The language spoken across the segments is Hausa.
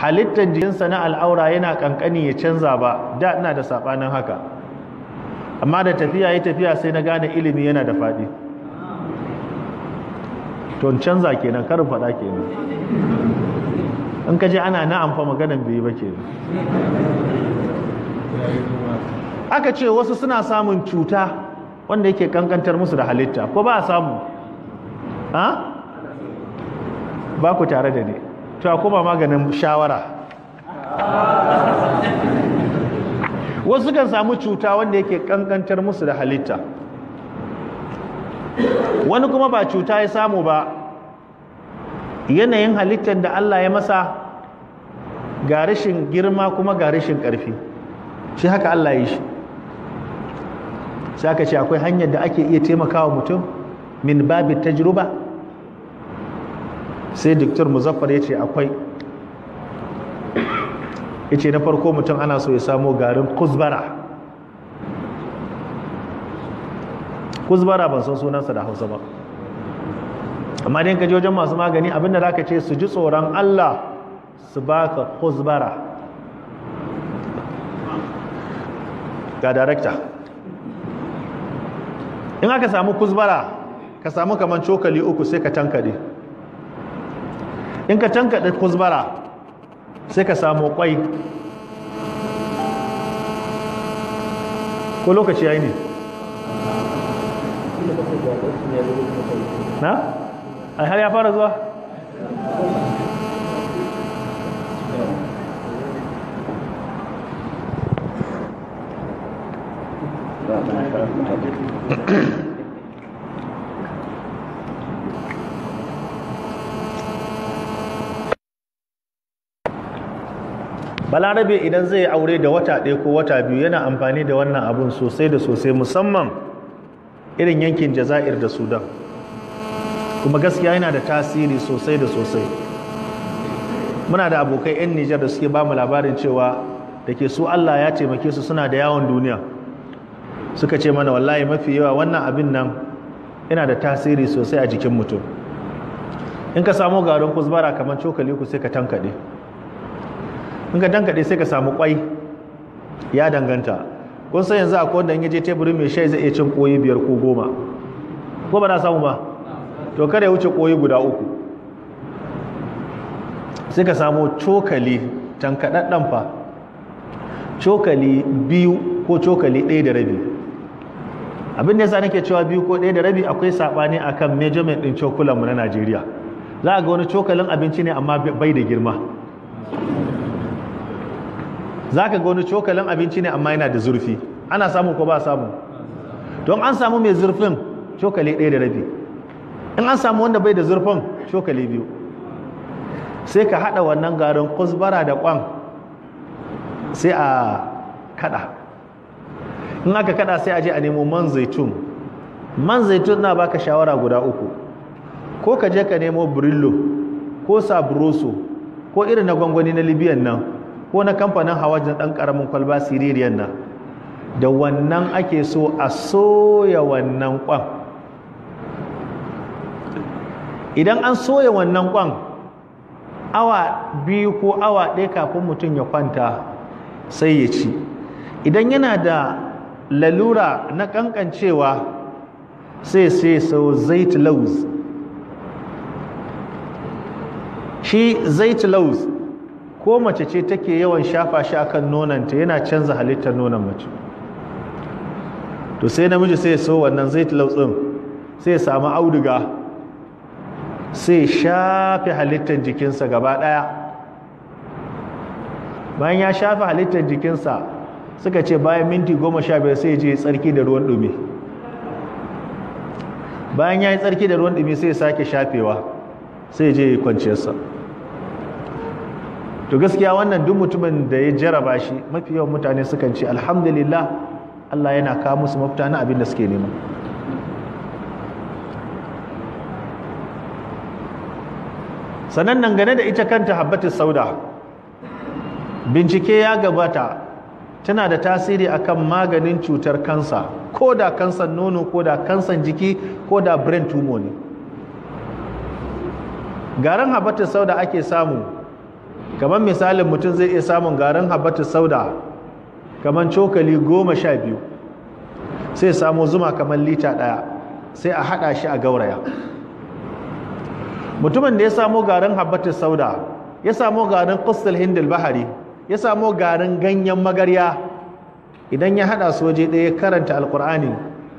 halittar jikinsa na al'aura yana kankani ya canza ba da ina da sabanin haka amma da tafiya ya tafiya sai na gane ilimi yana da faɗi to canza kenan karin faɗa kenan in ka je ana na amfa maganan bai ba kenan aka ce wasu suna samun cuta wanda yake kankantar musu da halitta ko ba a samu ba ku tare da ni to a koma maganin shawara wasu kan samu cuta wanda yake kankantar musu da halitta wani kuma ba cuta ya samu ba yanayin halittar da Allah ya masa ga rashin girma kuma ga rashin ƙarfi shi haka Allah ya shi shi haka ce akwai hanyar da ake iya taimakawa mutum min babi tajruba sai diktar muzaffar ya ce akwai ya ce na farko mutum ana so ya samo garin kuzbara kuzbara ban san sunansa da hausa ba amma dai ka je wajen masu magani abinda za ka ce su ji tsoron allah su baka kuzbara ga darakta in aka samu kuzbara ka samu kamar cokali uku sai ka tankade in ka tankaɗe kuzbara sai ka samu ƙwai ko lokaci ya yi ne na? ai har ya fara zuwa? Thank you. balarabe idan zai aure da wata ɗaya ko wata biyu yana amfani da wannan abun sosai da sosai musamman irin yankin jaza'ir da sudan kuma gaskiya yana da tasiri sosai da sosai muna da abokai 'yan nijar da suke ba labarin cewa da ke su allah ya taimake su suna da yawon duniya suka ce mana wallahi mafi yawa wannan abin nan yana da tasiri sosai a jikin mutum in ka samu garin kuzbara kamar cokali ku sai ka tankaɗe in ka dankaɗe sai ka samu kwai ya danganta kun san yanzu akwai wanda in yaje teburin mai shai zai iya cin koyi biyar ko goma ko ba na samu ba to kada ya wuce koyi guda uku sai ka samu cokali tankaɗaɗɗen fa cokali biyu ko cokali ɗaya da rabi abin da yasa nake cewa biyu ko ɗaya da rabi akwai saɓani akan mejomen ɗin cokulanmu na najeriya za a ga wani cokalin abinci ne amma bai da girma za ka wani cokalin abinci ne amma yana da zurfi ana samu ko ba samu don an samu mai zurfin cokali ɗaya da rabi in an samu wanda bai da zurfin cokali biyu sai ka haɗa wannan garin kusbara da ƙwan sai a kaɗa in aka kaɗa sai a je a nemo man zaitun man zaitun na baka shawara guda uku ko ka je ka nemo brillo ko sabroso ko irin na gwangwani na libyan nan ko na kamfanin hawa hawajin ɗan ƙaramin kwalba siririyar nan da wannan ake so a soya wannan ƙwan, idan an soya wannan ƙwan awa biyu ko awa ɗaya kafin mutum ya kwanta sai ya ci idan yana da lalura na ƙanƙancewa sai sai sau zait lauz shi zait ko mace ce take yawan shafa shi a kan nonanta yana canza halittar nonon mace to sai namiji sai so wannan zai lautsin sai samu auduga sai shafe halittar jikinsa gaba daya bayan ya shafe halittar jikinsa suka ce bayan minti goma sha biyar sai je tsarki da ruwan dumi bayan ya yi tsarki da ruwan dumi sai sake shafewa sai je kwanciyarsa to gaskiya wannan duk mutumin da ya jaraba shi mafi yawan mutane sukan ce alhamdulillah Allah yana kawo musu mafita na abin da suke nema nan gane da ita kanta habbatu sauda bincike ya gabata tana da tasiri akan maganin cutar kansa ko da kansan nono ko da kansan jiki ko da brain tumor ne garin habbatu sauda ake samu kamar misalin mutum zai iya samun garin habbatu sauda kamar cokali goma sha biyu sai samu zuma kamar lita ɗaya sai a haɗa shi a gauraya mutumin da ya samo garin habbatu sauda ya samu garin kustal hindul bahari ya samo garin ganyen magarya idan ya haɗa su waje ɗaya karanta alkur'ani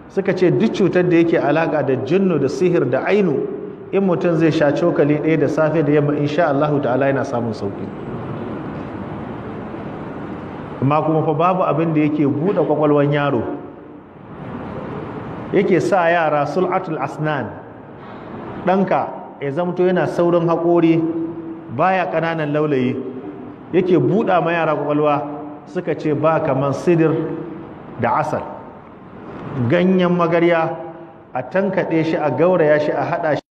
suka ce duk cutar da yake alaƙa da jinnu da sihir da ainu in mutum zai sha cokali ɗaya da safe da yamma sha Allah ta'ala yana samun sauki amma kuma fa babu abin da yake buɗe ƙwaƙwalwar yaro yake sa yara sul'atul asnan ɗanka ya zamto yana saurin haƙori baya ƙananan laulayi yake buɗa ma yara ƙwaƙwalwa, suka ce ba kamar sidir da asal ganyen magarya a tankaɗe shi a gauraya shi a haɗa shi